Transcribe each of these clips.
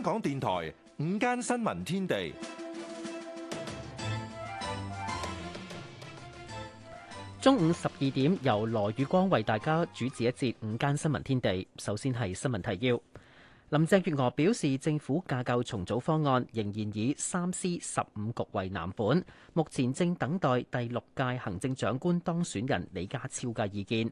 香港電台午間新聞天地，中午十二點由羅宇光為大家主持一節午間新聞天地。首先係新聞提要。林鄭月娥表示，政府架構重組方案仍然以三司十五局為藍本，目前正等待第六屆行政長官當選人李家超嘅意見。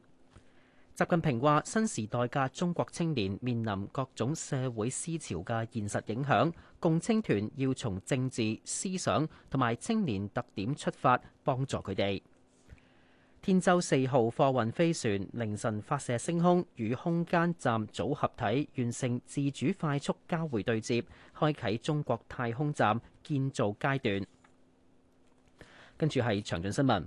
習近平話：新時代嘅中國青年面臨各種社會思潮嘅現實影響，共青團要從政治、思想同埋青年特點出發，幫助佢哋。天舟四號貨運飛船凌晨發射升空，與空間站組合體完成自主快速交會對接，開啟中國太空站建造階段。跟住係詳盡新聞。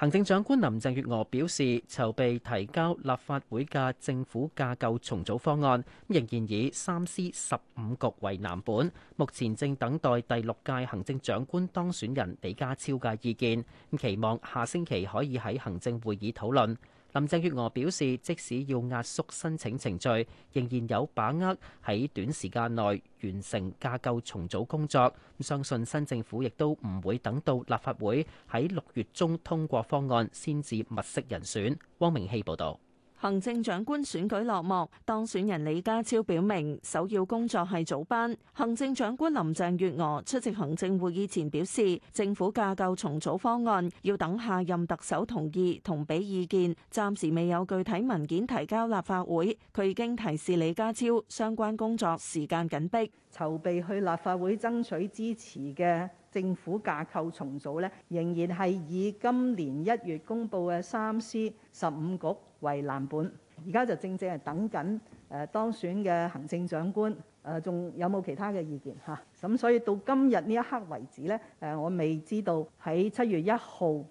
行政長官林鄭月娥表示，籌備提交立法會嘅政府架構重組方案，仍然以三司十五局為藍本，目前正等待第六屆行政長官當選人李家超嘅意見，期望下星期可以喺行政會議討論。林鄭月娥表示，即使要壓縮申請程序，仍然有把握喺短時間內完成架構重組工作。相信新政府亦都唔會等到立法會喺六月中通過方案先至物色人選。汪明希報道。行政長官選舉落幕，當選人李家超表明首要工作係早班。行政長官林鄭月娥出席行政會議前表示，政府架構重組方案要等下任特首同意同俾意見，暫時未有具體文件提交立法會。佢已經提示李家超相關工作時間緊迫，籌備去立法會爭取支持嘅政府架構重組呢，仍然係以今年一月公布嘅三司十五局。為藍本，而家就正正係等緊誒當選嘅行政長官誒，仲有冇其他嘅意見嚇？咁所以到今日呢一刻為止呢，誒我未知道喺七月一號誒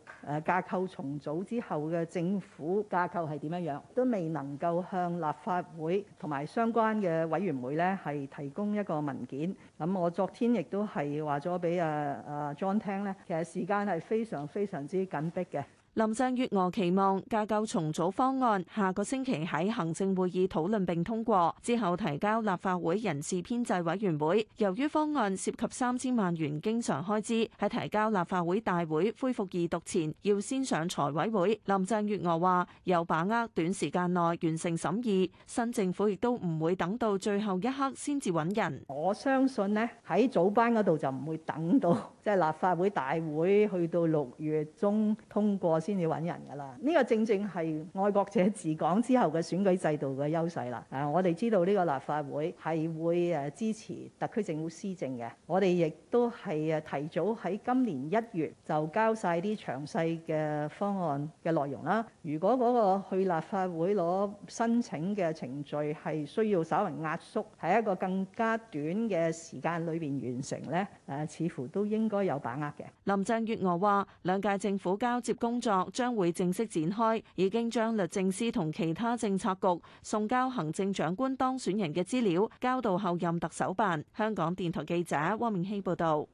架構重組之後嘅政府架構係點樣樣，都未能夠向立法會同埋相關嘅委員會呢係提供一個文件。咁我昨天亦都係話咗俾誒誒莊聽呢，其實時間係非常非常之緊迫嘅。林鄭月娥期望架構重組方案下個星期喺行政會議討論並通過，之後提交立法會人事編制委員會。由於方案涉及三千萬元經常開支，喺提交立法會大會恢復二讀前，要先上財委會。林鄭月娥話：有把握短時間內完成審議，新政府亦都唔會等到最後一刻先至揾人。我相信呢，喺早班嗰度就唔會等到。即係立法會大會去到六月中通過先至揾人噶啦，呢個正正係愛國者治港之後嘅選舉制度嘅優勢啦。誒，我哋知道呢個立法會係會誒支持特區政府施政嘅，我哋亦都係誒提早喺今年一月就交晒啲詳細嘅方案嘅內容啦。如果嗰個去立法會攞申請嘅程序係需要稍為壓縮，喺一個更加短嘅時間裏邊完成咧，誒，似乎都應該。該有把握嘅。林鄭月娥話兩屆政府交接工作將會正式展開，已經將律政司同其他政策局送交行政長官當選人嘅資料交到候任特首辦，香港電台記者汪明熙報道。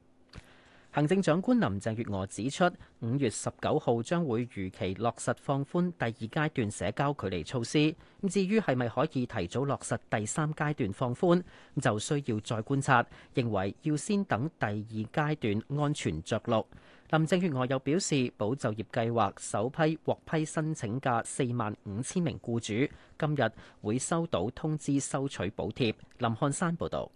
行政長官林鄭月娥指出，五月十九號將會如期落實放寬第二階段社交距離措施。至於係咪可以提早落實第三階段放寬，就需要再觀察。認為要先等第二階段安全着陸。林鄭月娥又表示，保就業計劃首批獲批申請嘅四萬五千名僱主，今日會收到通知收取補貼。林漢山報導。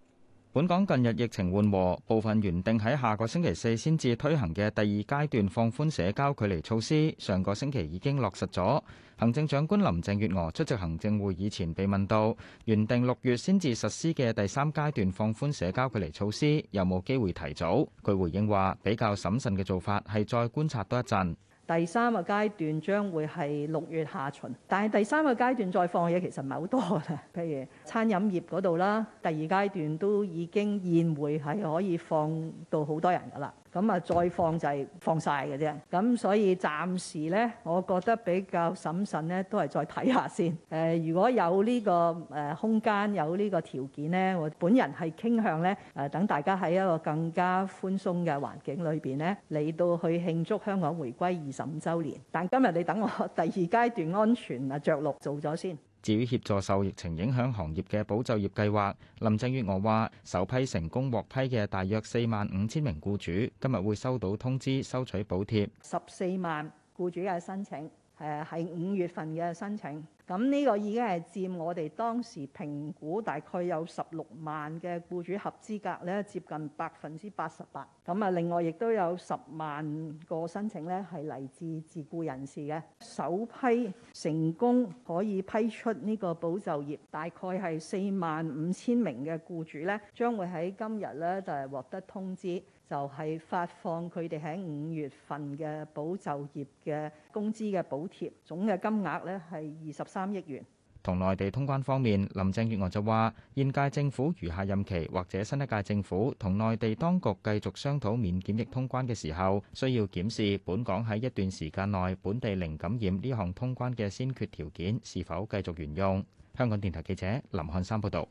本港近日疫情緩和，部分原定喺下個星期四先至推行嘅第二階段放寬社交距離措施，上個星期已經落實咗。行政長官林鄭月娥出席行政會議前被問到，原定六月先至實施嘅第三階段放寬社交距離措施，有冇機會提早？佢回應話，比較審慎嘅做法係再觀察多一陣。第三個階段將會係六月下旬，但係第三個階段再放嘢其實唔係好多啦。譬如餐飲業嗰度啦，第二階段都已經宴會係可以放到好多人㗎啦。咁啊，再放就係放晒嘅啫。咁所以暫時呢，我覺得比較審慎呢都係再睇下先。誒、呃，如果有呢個誒空間，有呢個條件呢，我本人係傾向呢，誒、呃、等大家喺一個更加寬鬆嘅環境裏邊呢，嚟到去慶祝香港回歸二十五週年。但今日你等我第二階段安全啊著陸做咗先。至於協助受疫情影響行業嘅保就業計劃，林鄭月娥話：首批成功獲批嘅大約四萬五千名僱主，今日會收到通知收取補貼。十四萬僱主嘅申請。誒係五月份嘅申請，咁呢個已經係佔我哋當時評估大概有十六萬嘅雇主合資格咧，接近百分之八十八。咁啊，另外亦都有十萬個申請咧，係嚟自自雇人士嘅。首批成功可以批出呢個保就業，大概係四萬五千名嘅雇主咧，將會喺今日咧就係獲得通知。就係發放佢哋喺五月份嘅保就業嘅工資嘅補貼，總嘅金額咧係二十三億元。同內地通關方面，林鄭月娥就話：現屆政府餘下任期或者新一屆政府同內地當局繼續商討免檢疫通關嘅時候，需要檢視本港喺一段時間內本地零感染呢項通關嘅先決條件是否繼續沿用。香港電台記者林漢山報導。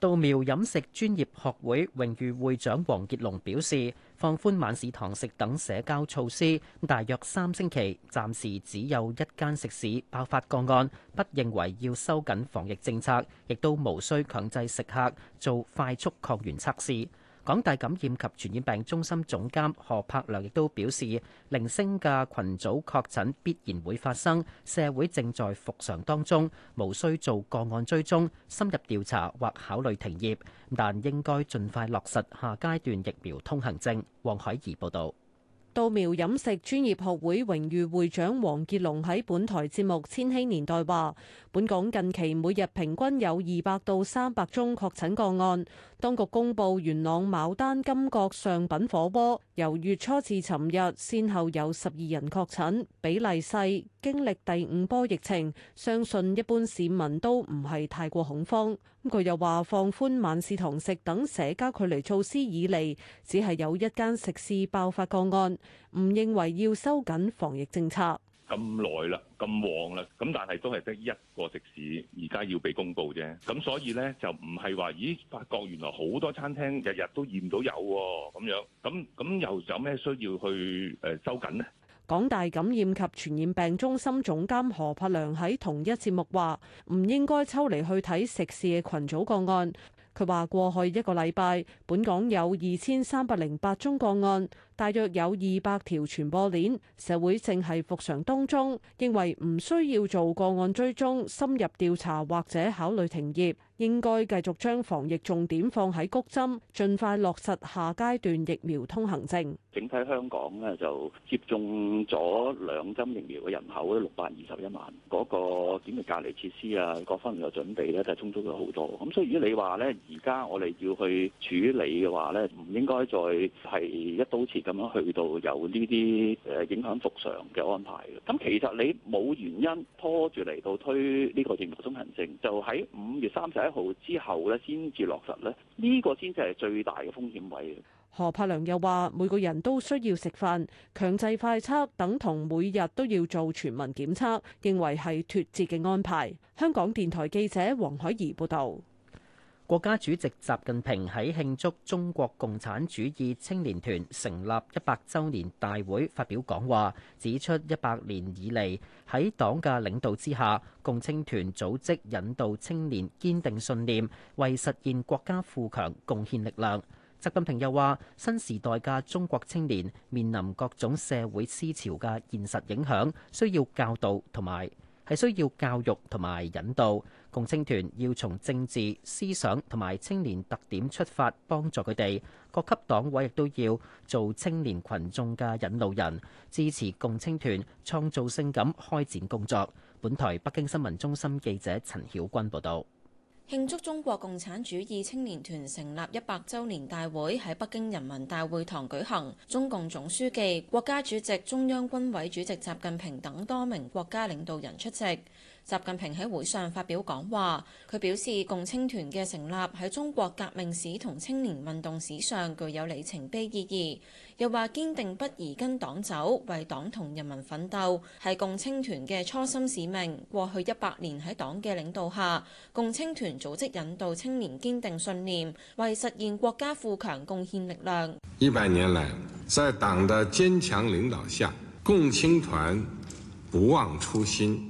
稻苗飲食專業學會榮譽會長黃傑龍表示，放寬晚市堂食等社交措施大約三星期，暫時只有一間食肆爆發個案，不認為要收緊防疫政策，亦都無需強制食客做快速抗原測試。港大感染及傳染病中心總監何柏良亦都表示，零星嘅群組確診必然會發生，社會正在復常當中，無需做個案追蹤、深入調查或考慮停業，但應該盡快落實下階段疫苗通行證。黃海怡報道。稻苗飲食專業學會榮譽會長黃傑龍喺本台節目《千禧年代》話，本港近期每日平均有二百到三百宗確診個案。當局公布元朗牡丹金閣上品火鍋由月初至尋日，先後有十二人確診，比例細，經歷第五波疫情，相信一般市民都唔係太過恐慌。佢又話，放寬晚市堂食等社交距離措施以嚟，只係有一間食肆爆發個案，唔認為要收緊防疫政策。咁耐啦，咁旺啦，咁但係都係得一個食肆，而家要被公佈啫。咁所以呢，就唔係話，咦？發覺原來好多餐廳日日都驗到有咁樣，咁咁又有咩需要去誒收緊呢？港大感染及傳染病中心總監何柏良喺同一節目話：唔應該抽嚟去睇食肆嘅群組個案。佢話過去一個禮拜，本港有二千三百零八宗個案。大約有二百條傳播鏈，社會正係復常當中，認為唔需要做個案追蹤、深入調查或者考慮停業，應該繼續將防疫重點放喺谷針，盡快落實下階段疫苗通行證。整體香港呢就接種咗兩針疫苗嘅人口都六百二十一萬，嗰、那個檢疫隔離設施啊，各方面嘅準備呢，就係充足咗好多。咁所以如果你話呢，而家我哋要去處理嘅話呢，唔應該再係一刀切。咁樣去到有呢啲誒影響復常嘅安排嘅，咁其實你冇原因拖住嚟到推呢個疫苗通行證，就喺五月三十一號之後咧先至落實咧，呢個先至係最大嘅風險位。何柏良又話：每個人都需要食飯，強制快測等同每日都要做全民檢測，認為係脱節嘅安排。香港電台記者黃海怡報導。國家主席習近平喺慶祝中國共產主義青年團成立一百週年大會發表講話，指出一百年以嚟，喺黨嘅領導之下，共青團組織引導青年堅定信念，為實現國家富強貢獻力量。習近平又話，新時代嘅中國青年面臨各種社會思潮嘅現實影響，需要教導同埋係需要教育同埋引導，共青團要從政治、思想同埋青年特點出發，幫助佢哋，各級黨委亦都要做青年群眾嘅引路人，支持共青團創造性咁開展工作。本台北京新聞中心記者陳曉君報道。慶祝中國共產主義青年團成立一百週年大會喺北京人民大會堂舉行，中共總書記、國家主席、中央軍委主席習近平等多名國家領導人出席。習近平喺會上發表講話，佢表示共青團嘅成立喺中國革命史同青年運動史上具有里程碑意義，又話堅定不移跟黨走，為黨同人民奮鬥，係共青團嘅初心使命。過去一百年喺黨嘅領導下，共青團組織引導青年堅定信念，為實現國家富強貢獻力量。一百年來，在黨的堅強領導下，共青團不忘初心。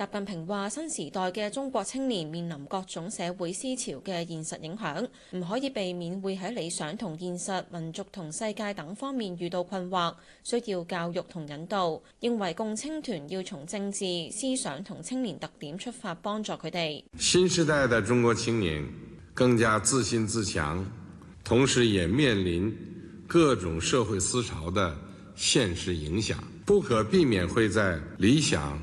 習近平話：新時代嘅中國青年面臨各種社會思潮嘅現實影響，唔可以避免會喺理想同現實、民族同世界等方面遇到困惑，需要教育同引導。認為共青團要從政治、思想同青年特點出發，幫助佢哋。新時代嘅中國青年更加自信自強，同時也面臨各種社會思潮的現實影響，不可避免會在理想。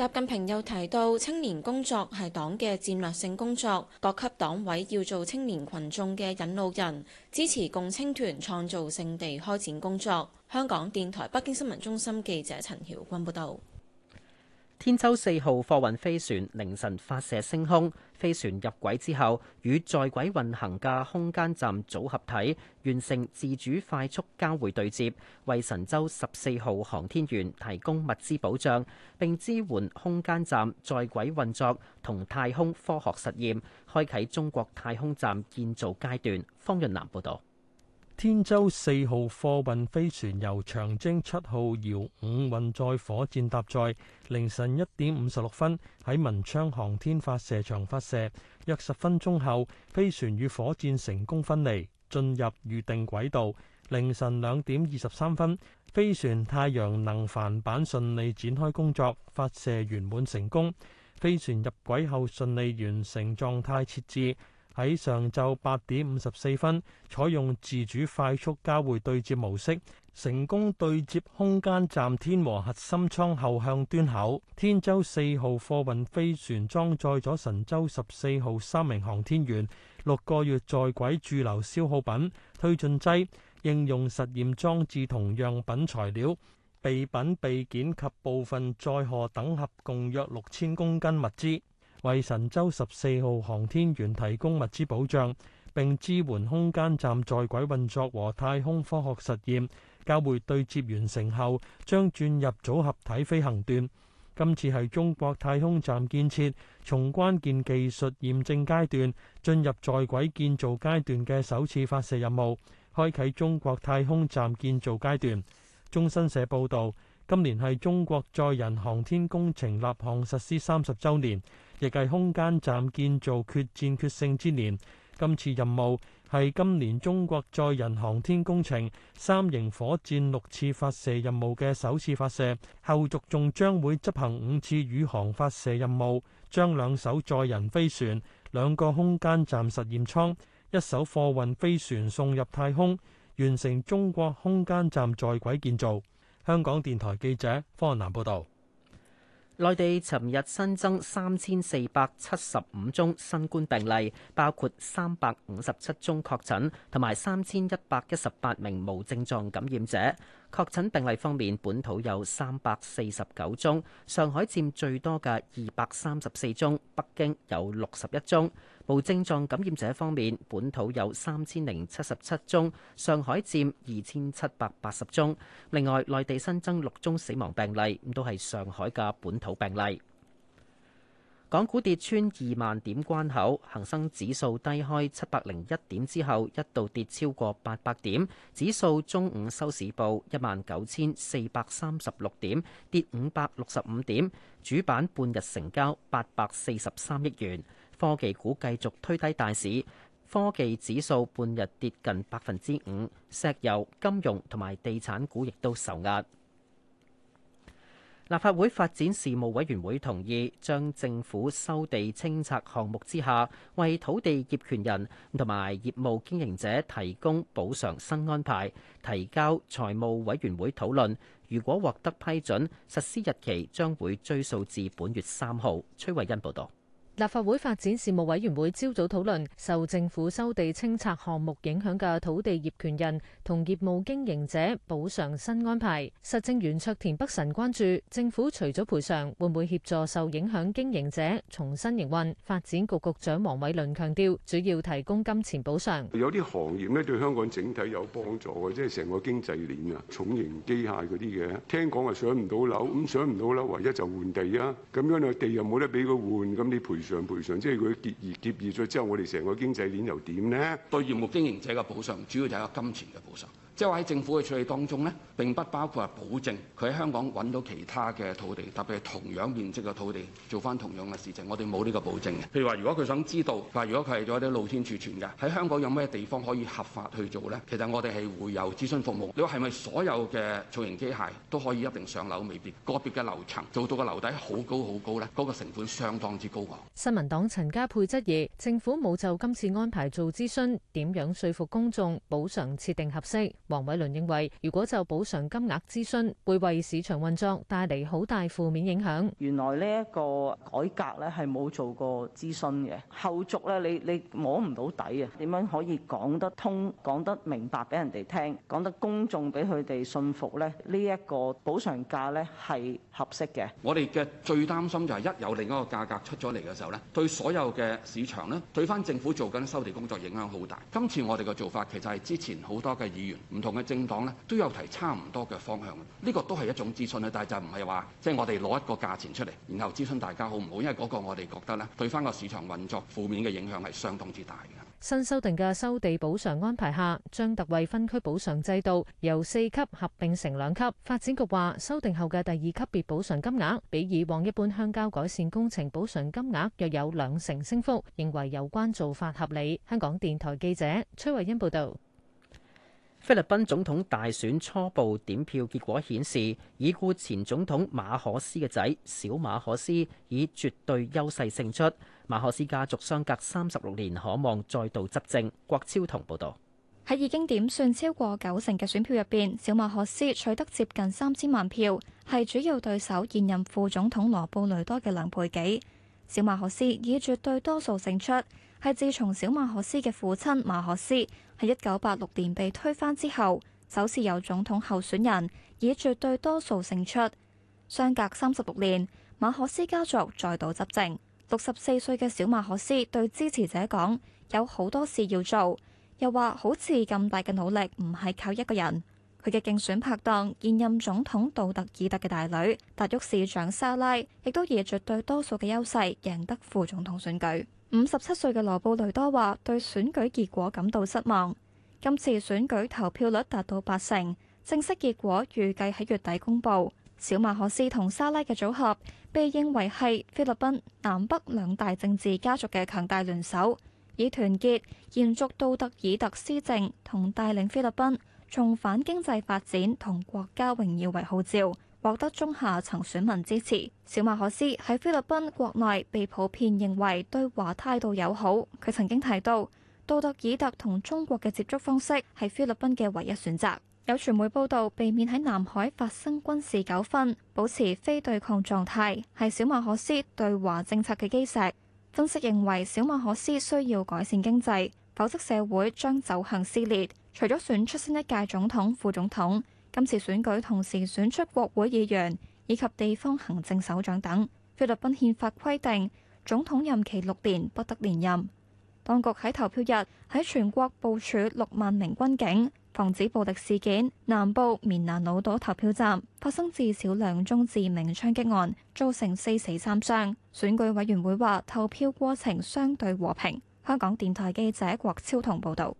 習近平又提到，青年工作係黨嘅戰略性工作，各級黨委要做青年群眾嘅引路人，支持共青團創造性地開展工作。香港電台北京新聞中心記者陳曉君報道。天舟四號貨運飛船凌晨發射升空，飛船入軌之後與在軌運行嘅空間站組合體完成自主快速交會對接，為神舟十四號航天員提供物資保障，並支援空間站在軌運作同太空科學實驗，開啟中國太空站建造階段。方潤南報道。天舟四號貨運飛船由長征七號遙五運載火箭搭載，凌晨一點五十六分喺文昌航天發射場發射。約十分鐘後，飛船與火箭成功分離，進入預定軌道。凌晨兩點二十三分，飛船太陽能帆板順利展開工作，發射圓滿成功。飛船入軌後順利完成狀態設置。喺上晝八點五十四分，採用自主快速交匯對接模式，成功對接空間站天和核心艙後向端口。天舟四號貨運飛船裝載咗神舟十四號三名航天員，六個月在軌駐留消耗品、推進劑、應用實驗裝置同樣品材料、備品備件及部分載荷等，合共約六千公斤物資。為神舟十四號航天員提供物資保障，並支援空間站在軌運作和太空科學實驗。交會對接完成後，將轉入組合體飛行段。今次係中國太空站建設從關鍵技術驗證階段進入在軌建造階段嘅首次發射任務，開啟中國太空站建造階段。中新社報道，今年係中國載人航天工程立項實施三十周年。亦係空間站建造決戰決勝之年，今次任務係今年中國載人航天工程三型火箭六次發射任務嘅首次發射，後續仲將會執行五次宇航發射任務，將兩艘載人飛船、兩個空間站實驗艙、一艘貨運飛船送入太空，完成中國空間站在軌建造。香港電台記者方南報道。內地尋日新增三千四百七十五宗新冠病例，包括三百五十七宗確診，同埋三千一百一十八名無症狀感染者。確診病例方面，本土有三百四十九宗，上海佔最多嘅二百三十四宗，北京有六十一宗。無症狀感染者方面，本土有三千零七十七宗，上海佔二千七百八十宗。另外，內地新增六宗死亡病例，都係上海嘅本土病例。港股跌穿二萬點關口，恒生指數低開七百零一點之後，一度跌超過八百點，指數中午收市報一萬九千四百三十六點，跌五百六十五點，主板半日成交八百四十三億元。科技股繼續推低大市，科技指數半日跌近百分之五。石油、金融同埋地產股亦都受壓。立法會發展事務委員會同意將政府收地清拆項目之下，為土地業權人同埋業務經營者提供補償新安排，提交財務委員會討論。如果獲得批准，實施日期將會追溯至本月三號。崔慧欣報導。立法會發展事務委員會朝早討論受政府收地清拆項目影響嘅土地業權人同業務經營者補償新安排。實政圓桌田北辰關注政府除咗賠償，會唔會協助受影響經營者重新營運？發展局局長黃偉綸強調，主要提供金錢補償。有啲行業咧對香港整體有幫助嘅，即係成個經濟鏈啊，重型機械嗰啲嘅，聽講啊上唔到樓，咁上唔到樓，唯一就換地啊，咁樣啊地又冇得俾佢換，咁你賠。賠償，即係佢結業，結業咗之後，我哋成個經濟鏈又點咧？對業務經營者嘅補償，主要就係個金錢嘅補償。即係話喺政府嘅處理當中呢，並不包括話保證佢喺香港揾到其他嘅土地，特別係同樣面積嘅土地做翻同樣嘅事情。我哋冇呢個保證嘅。譬如話，如果佢想知道，話如果佢係做啲露天儲存嘅，喺香港有咩地方可以合法去做呢？其實我哋係會有諮詢服務。你話係咪所有嘅造型機械都可以一定上樓？未必個別嘅樓層做到個樓底好高好高呢，嗰、那個成本相當之高昂。新民黨陳家佩質疑政府冇就今次安排做諮詢，點樣説服公眾補償設定合適？黃偉倫認為，如果就補償金額諮詢，會為市場運作帶嚟好大負面影響。原來呢一個改革咧係冇做過諮詢嘅，後續咧，你你摸唔到底啊？點樣可以講得通，講得明白俾人哋聽，講得公眾俾佢哋信服咧？呢一個補償價咧係合適嘅。我哋嘅最擔心就係一有另一個價格出咗嚟嘅時候咧，對所有嘅市場咧，對翻政府做緊收地工作影響好大。今次我哋嘅做法其實係之前好多嘅議員。唔同嘅政黨咧，都有提差唔多嘅方向。呢個都係一種諮詢啊，但係就唔係話，即係我哋攞一個價錢出嚟，然後諮詢大家好唔好？因為嗰個我哋覺得咧，對翻個市場運作負面嘅影響係相當之大嘅。新修訂嘅收地補償安排下，將特惠分區補償制度由四級合併成兩級。發展局話，修訂後嘅第二級別補償金額比以往一般鄉郊改善工程補償金額約有兩成升幅，認為有關做法合理。香港電台記者崔慧欣報道。菲律賓總統大選初步點票結果顯示，已故前總統馬可斯嘅仔小馬可斯以絕對優勢勝出，馬可斯家族相隔三十六年可望再度執政。郭超同報導。喺已經點算超過九成嘅選票入邊，小馬可斯取得接近三千萬票，係主要對手現任副總統羅布雷多嘅兩倍幾，小馬可斯以絕對多數勝出。係自從小馬可斯嘅父親馬可斯喺一九八六年被推翻之後，首次有總統候選人以絕對多數勝出。相隔三十六年，馬可斯家族再度執政。六十四歲嘅小馬可斯對支持者講，有好多事要做，又話好似咁大嘅努力唔係靠一個人。佢嘅競選拍檔現任總統杜特爾特嘅大女達沃市長莎拉，亦都以絕對多數嘅優勢贏得副總統選舉。五十七歲嘅羅布雷多話：對選舉結果感到失望。今次選舉投票率達到八成，正式結果預計喺月底公佈。小馬可斯同莎拉嘅組合被認為係菲律賓南北兩大政治家族嘅強大聯手，以團結、延續杜特爾特施政同帶領菲律賓重返經濟發展同國家榮耀為號召。獲得中下層選民支持，小馬可斯喺菲律賓國內被普遍認為對華態度友好。佢曾經提到，杜特爾特同中國嘅接觸方式係菲律賓嘅唯一選擇，有傳媒報道，避免喺南海發生軍事糾紛，保持非對抗狀態，係小馬可斯對華政策嘅基石。分析認為，小馬可斯需要改善經濟，否則社會將走向撕裂。除咗選出新一屆總統、副總統。今次選舉同時選出國會議員以及地方行政首長等。菲律賓憲法規定總統任期六年不得連任。當局喺投票日喺全國部署六萬名軍警，防止暴力事件。南部棉蘭老島投票站發生至少兩宗致命槍擊案，造成四死三傷。選舉委員會話投票過程相對和平。香港電台記者郭超彤報導。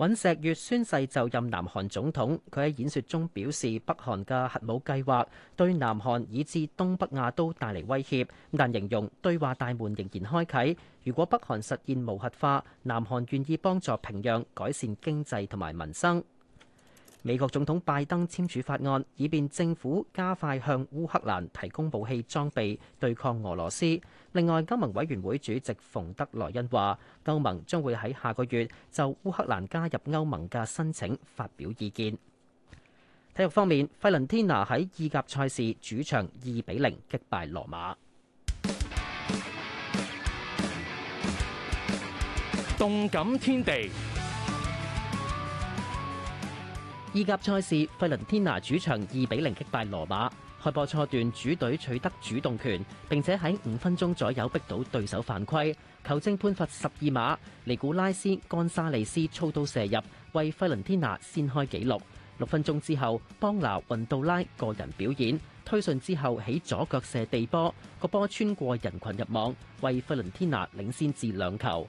尹錫悅宣誓就任南韓總統，佢喺演說中表示北韓嘅核武計劃對南韓以至東北亞都帶嚟威脅，但形容對話大門仍然開啟，如果北韓實現無核化，南韓願意幫助平壤改善經濟同埋民生。美國總統拜登簽署法案，以便政府加快向烏克蘭提供武器裝備，對抗俄羅斯。另外，歐盟委員會主席馮德萊恩話，歐盟將會喺下個月就烏克蘭加入歐盟嘅申請發表意見。體育方面，費倫天拿喺意甲賽事主場二比零擊敗羅馬。動感天地。意甲賽事，費倫天拿主場二比零擊敗羅馬。開波初段，主隊取得主動權，並且喺五分鐘左右逼到對手犯規，球證判罰十二碼。尼古拉斯干沙利斯操刀射入，為費倫天拿先開紀錄。六分鐘之後，邦拿運到拉個人表演，推順之後起左腳射地波，個波穿過人群入網，為費倫天拿領先至兩球。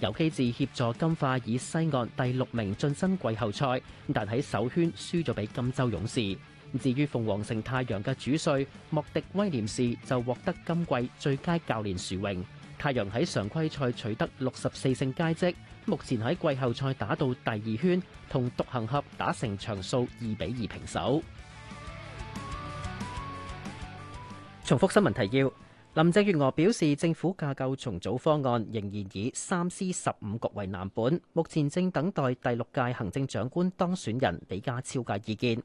尤其治協助金化以西岸第六名晉身季後賽，但喺首圈輸咗俾金州勇士。至於鳳凰城太陽嘅主帥莫迪威廉士就獲得今季最佳教練殊榮。太陽喺常規賽取得六十四勝佳績，目前喺季後賽打到第二圈，同獨行俠打成場數二比二平手。重複新聞提要。林鄭月娥表示，政府架構重組方案仍然以三司十五局為藍本，目前正等待第六屆行政長官當選人李家超嘅意見。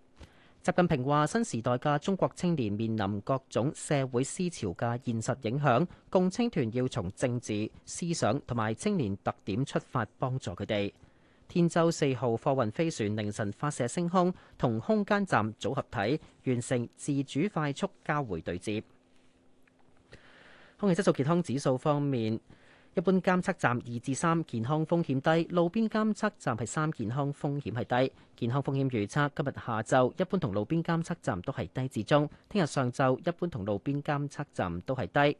習近平話：新時代嘅中國青年面臨各種社會思潮嘅現實影響，共青團要從政治、思想同埋青年特點出發，幫助佢哋。天舟四號貨運飛船凌晨發射升空，同空間站組合體完成自主快速交會對接。空氣質素健康指數方面，一般監測站二至三，健康風險低；路邊監測站係三，健康風險係低。健康風險預測今日下晝一般同路邊監測站都係低至中，聽日上晝一般同路邊監測站都係低。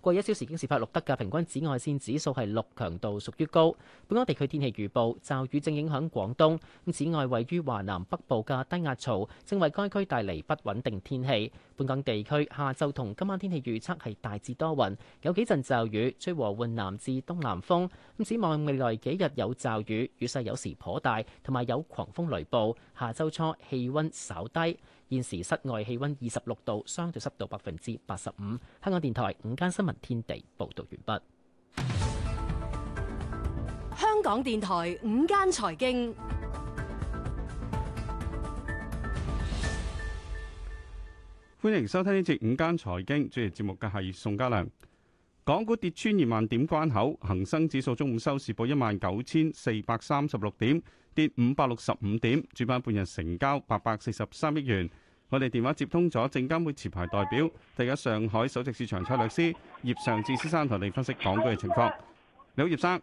過去一小時京士柏錄得嘅平均紫外線指數係六，強度屬於高。本港地區天氣預報，驟雨正影響廣東，咁此外位於華南北部嘅低壓槽正為該區帶嚟不穩定天氣。本港地區下晝同今晚天氣預測係大致多雲，有幾陣驟雨，吹和緩南至東南風。咁展望未來幾日有驟雨，雨勢有時頗大，同埋有狂風雷暴。下周初氣温稍低，現時室外氣温二十六度，相對濕度百分之八十五。香港電台午間新聞天地報道完畢。香港電台午間財經。歡迎收聽呢節午間財經，主持節目嘅係宋家良。港股跌穿二萬點關口，恒生指數中午收市報一萬九千四百三十六點，跌五百六十五點，主板半日成交八百四十三億元。我哋電話接通咗證監會持牌代表，第一上海首席市場策略師葉尚志先生同你分析港股嘅情況。你好，葉生。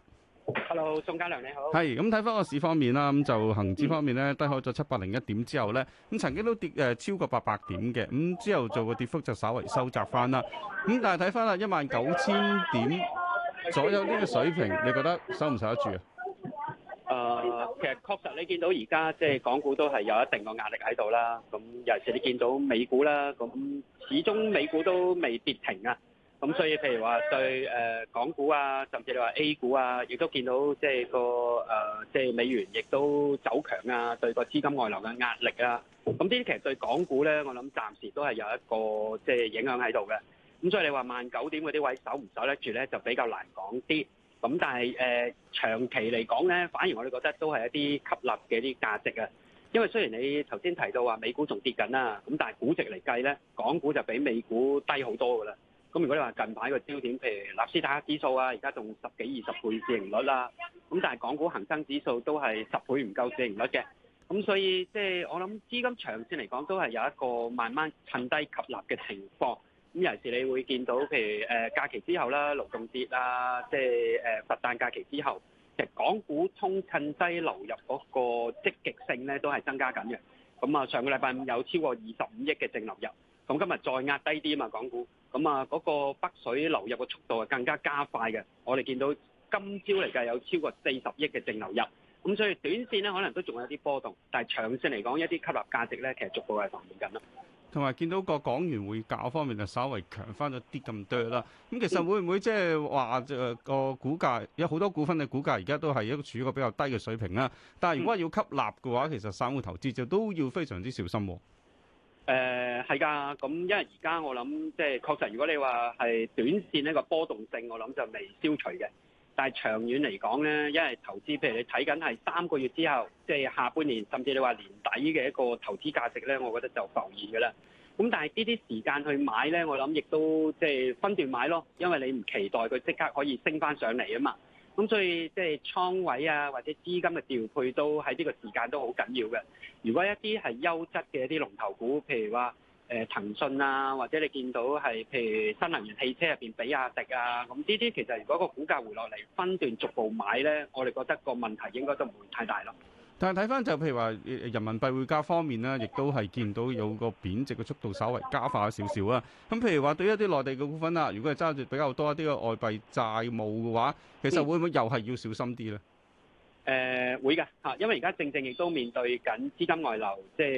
hello，宋嘉良，你好。係，咁睇翻個市方面啦，咁就恒指方面咧，低開咗七百零一點之後咧，咁曾經都跌誒超過八百點嘅，咁之後做個跌幅就稍為收窄翻啦。咁但係睇翻啦，一萬九千點左右呢個水平，你覺得收唔收得住啊？誒、呃，其實確實你見到而家即係港股都係有一定個壓力喺度啦。咁尤其是你見到美股啦，咁始終美股都未跌停啊。咁所以，譬如話對誒港股啊，甚至你話 A 股啊，亦都見到即係個誒，即係美元亦都走強啊，對個資金外流嘅壓力啊。咁呢啲其實對港股咧，我諗暫時都係有一個即係影響喺度嘅。咁所以你話萬九點嗰啲位守唔守得住咧，就比較難講啲。咁但係誒長期嚟講咧，反而我哋覺得都係一啲吸納嘅啲價值啊。因為雖然你頭先提到話美股仲跌緊啊，咁但係估值嚟計咧，港股就比美股低好多㗎啦。咁如果你話近排個焦點，譬如納斯達克指數啊，而家仲十幾二十倍市盈率啦，啊。咁但係港股恒生指數都係十倍唔夠市盈率嘅。咁所以即係、就是、我諗資金長線嚟講，都係有一個慢慢趁低吸納嘅情況。咁尤其係你會見到，譬如誒假期之後啦，勞動節啊，即係誒佛誕假期之後，其實港股通趁低流入嗰個積極性咧，都係增加緊嘅。咁啊，上個禮拜五有超過二十五億嘅淨流入，咁今日再壓低啲啊嘛，港股。咁啊，嗰個北水流入嘅速度啊，更加加快嘅。我哋見到今朝嚟計有超過四十億嘅淨流入，咁所以短線呢可能都仲有啲波動，但係長線嚟講，一啲吸納價值咧，其實逐步係浮現緊啦。同埋見到個港元匯價方面就稍微強返咗啲咁多啦。咁其實會唔會即係話就個股價有好多股份嘅股價而家都係一個處於一個比較低嘅水平啦。但係如果要吸納嘅話，其實散戶投資就都要非常之小心喎。誒，係噶，呃，咁因為而家我諗，即係確實，如果你話係短線一個波動性，我諗就未消除嘅。但係長遠嚟講咧，因為投資，譬如你睇緊係三個月之後，即係下半年，甚至你話年底嘅一個投資價值咧，我覺得就浮現噶啦。咁但係呢啲時間去買咧，我諗亦都即係分段買咯，因為你唔期待佢即刻可以升翻上嚟啊嘛。咁所以即係倉位啊，或者資金嘅調配都喺呢個時間都好緊要嘅。如果一啲係優質嘅一啲龍頭股，譬如話誒、呃、騰訊啊，或者你見到係譬如新能源汽車入邊比亞迪啊，咁呢啲其實如果個股價回落嚟分段逐步買咧，我哋覺得個問題應該都唔會太大咯。但睇翻就譬如話，人民幣匯價方面呢，亦都係見到有個貶值嘅速度稍為加快少少啊。咁譬如話對一啲內地嘅股份啊，如果係揸住比較多一啲嘅外幣債務嘅話，其實會唔會又係要小心啲咧？誒、呃，會㗎吓、啊，因為而家正正亦都面對緊資金外流，即係誒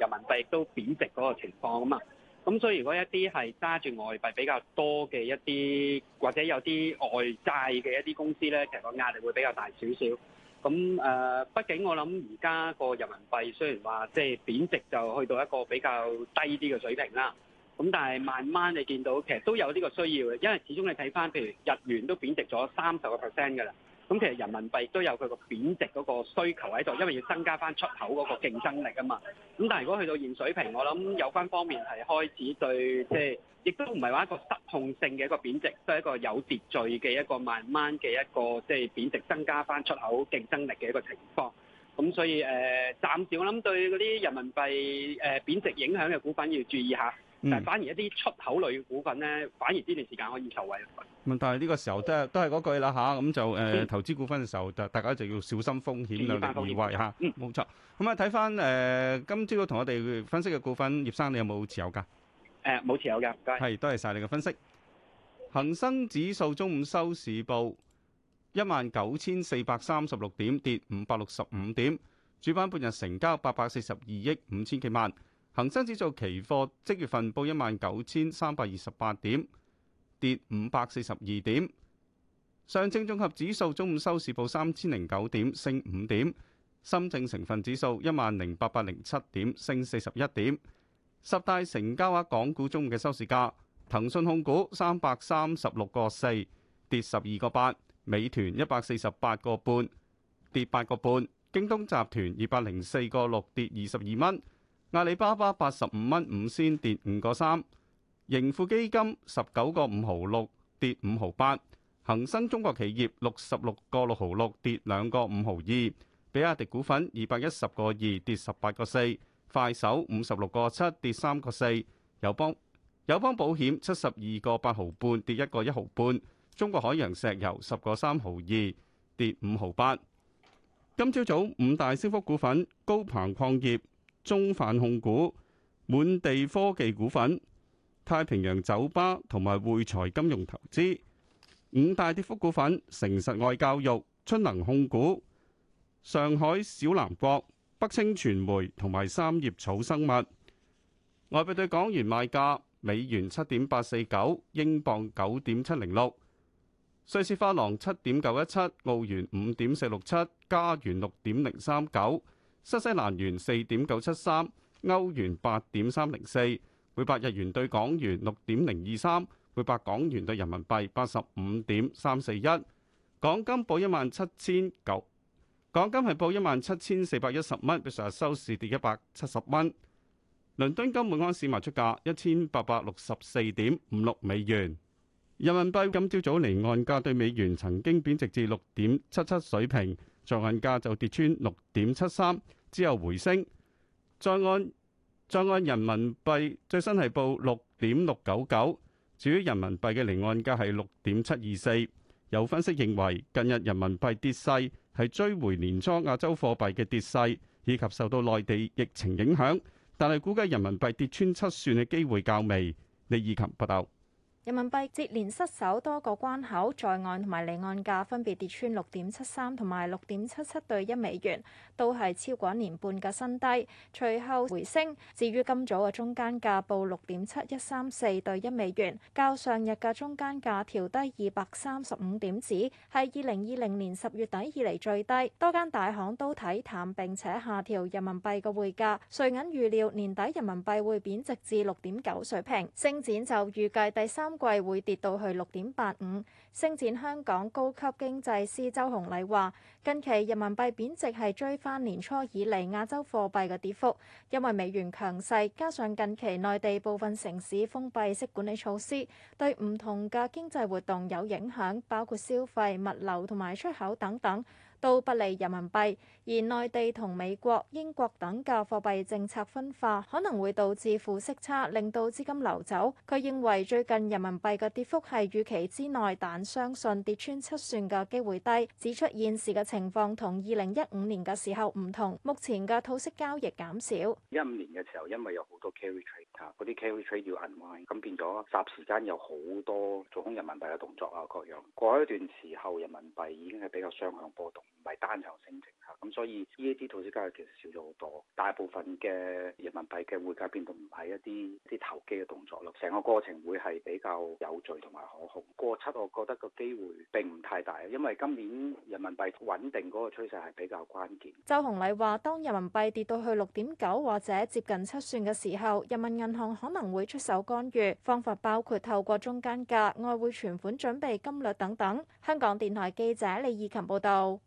人民幣都貶值嗰個情況啊嘛。咁所以如果一啲係揸住外幣比較多嘅一啲，或者有啲外債嘅一啲公司咧，其實個壓力會比較大少少。咁誒、呃，畢竟我諗而家個人民幣雖然話即係貶值，就去到一個比較低啲嘅水平啦。咁但係慢慢你見到其實都有呢個需要嘅，因為始終你睇返譬如日元都貶值咗三十個 percent 㗎啦。咁其實人民幣都有佢個貶值嗰個需求喺度，因為要增加翻出口嗰個競爭力啊嘛。咁但係如果去到現水平，我諗有關方面係開始對即係，亦都唔係話一個失控性嘅一個貶值，都係一個有秩序嘅一個慢慢嘅一個即係貶值增加翻出口競爭力嘅一個情況。咁所以誒，暫時我諗對嗰啲人民幣誒貶值影響嘅股份要注意下。但係反而一啲出口類嘅股份呢，反而呢段時間可以受惠。咁、嗯、但係呢個時候都係都係嗰句啦，吓，咁、啊、就誒、呃、嗯、投資股份嘅時候，大、大家就要小心風險啦，量力而為吓。嗯，冇錯。咁啊，睇翻，誒今朝早同我哋分析嘅股份，葉生你有冇持有噶？誒、呃，冇持有嘅，唔該。係，多謝晒你嘅分析。恒生指數中午收市報一萬九千四百三十六點，跌五百六十五點。主板半日成交八百四十二億五千幾萬。恒生指數期貨即月份報一萬九千三百二十八點，跌五百四十二點。上證綜合指數中午收市報三千零九點升五點，深證成分指數一萬零八百零七點升四十一點。十大成交額港股中午嘅收市價：騰訊控股三百三十六個四，跌十二個八；美團一百四十八個半，跌八個半；京東集團二百零四個六，跌二十二蚊。阿里巴巴八十五蚊五仙跌五個三，盈富基金十九個五毫六跌五毫八，恒生中國企業六十六個六毫六跌兩個五毫二，比亞迪股份二百一十個二跌十八個四，快手五十六個七跌三個四，友邦友邦保險七十二個八毫半跌一個一毫半，中國海洋石油十個三毫二跌五毫八。今朝早五大升幅股份：高鵬礦業。中飯控股、滿地科技股份、太平洋酒吧同埋匯財金融投資。五大跌幅股份，誠實外教育、春能控股、上海小南國、北青傳媒同埋三葉草生物。外幣對港元賣價：美元七點八四九，英鎊九點七零六，瑞士法郎七點九一七，澳元五點四六七，加元六點零三九。新西蘭元四點九七三，歐元八點三零四，每百日元對港元六點零二三，每百港元對人民幣八十五點三四一。港金報一萬七千九，港金係報一萬七千四百一十蚊，比上日收市跌一百七十蚊。倫敦金每安士賣出價一千八百六十四點五六美元。人民幣今朝早離岸價對美元曾經貶值至六點七七水平。在岸價就跌穿六點七三之後回升。在岸在岸人民幣最新係報六點六九九，至於人民幣嘅離岸價係六點七二四。有分析認為，近日人民幣跌勢係追回年初亞洲貨幣嘅跌勢，以及受到內地疫情影響，但係估計人民幣跌穿七算嘅機會較微。李以琴報道。人民幣接連失守多個關口，在岸同埋離岸價分別跌穿六點七三同埋六點七七對一美元，都係超過年半嘅新低。隨後回升。至於今早嘅中間價報六點七一三四對一美元，較上日嘅中間價調低二百三十五點子，係二零二零年十月底以嚟最低。多間大行都睇淡並且下調人民幣嘅匯價。瑞銀預料年底人民幣會貶值至六點九水平。星展就預計第三今季會跌到去六點八五。星展香港高級經濟師周紅禮話，近期人民幣貶值係追翻年初以嚟亞洲貨幣嘅跌幅，因為美元強勢，加上近期內地部分城市封閉式管理措施，對唔同嘅經濟活動有影響，包括消費、物流同埋出口等等。都不利人民幣，而內地同美國、英國等嘅貨幣政策分化，可能會導致負息差，令到資金流走。佢認為最近人民幣嘅跌幅係預期之內，但相信跌穿七算嘅機會低。指出現時嘅情況同二零一五年嘅時候唔同，目前嘅套息交易減少。一五年嘅時候，因為有好多 carry trade，嗰啲 carry trade 要 unwind，咁變咗霎時間有好多做空人民幣嘅動作啊，各樣過一段時候，人民幣已經係比較雙向波動。唔係單向升值吓，咁所以呢一啲套息交易其實少咗好多。大部分嘅人民幣嘅匯價變動唔係一啲啲投機嘅動作咯，成個過程會，係比較有序同埋可控。過七，我覺得個機會並唔太大，因為今年人民幣穩定嗰個趨勢係比較關鍵，周鴻禮話當人民幣跌到去六點九或者接近七算嘅時候，人民銀行可能會出手干預，方法包括透過中間價外匯存款準備金率等等。香港電台記者李義琴報道。